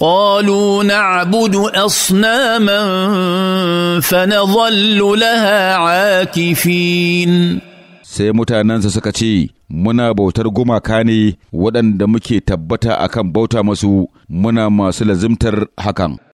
قالوا نعبد اصناما فنظل لها عاكفين sai mutanensa suka ce, Muna bautar gumaka ne waɗanda muke tabbata akan bauta masu muna masu lazimtar hakan.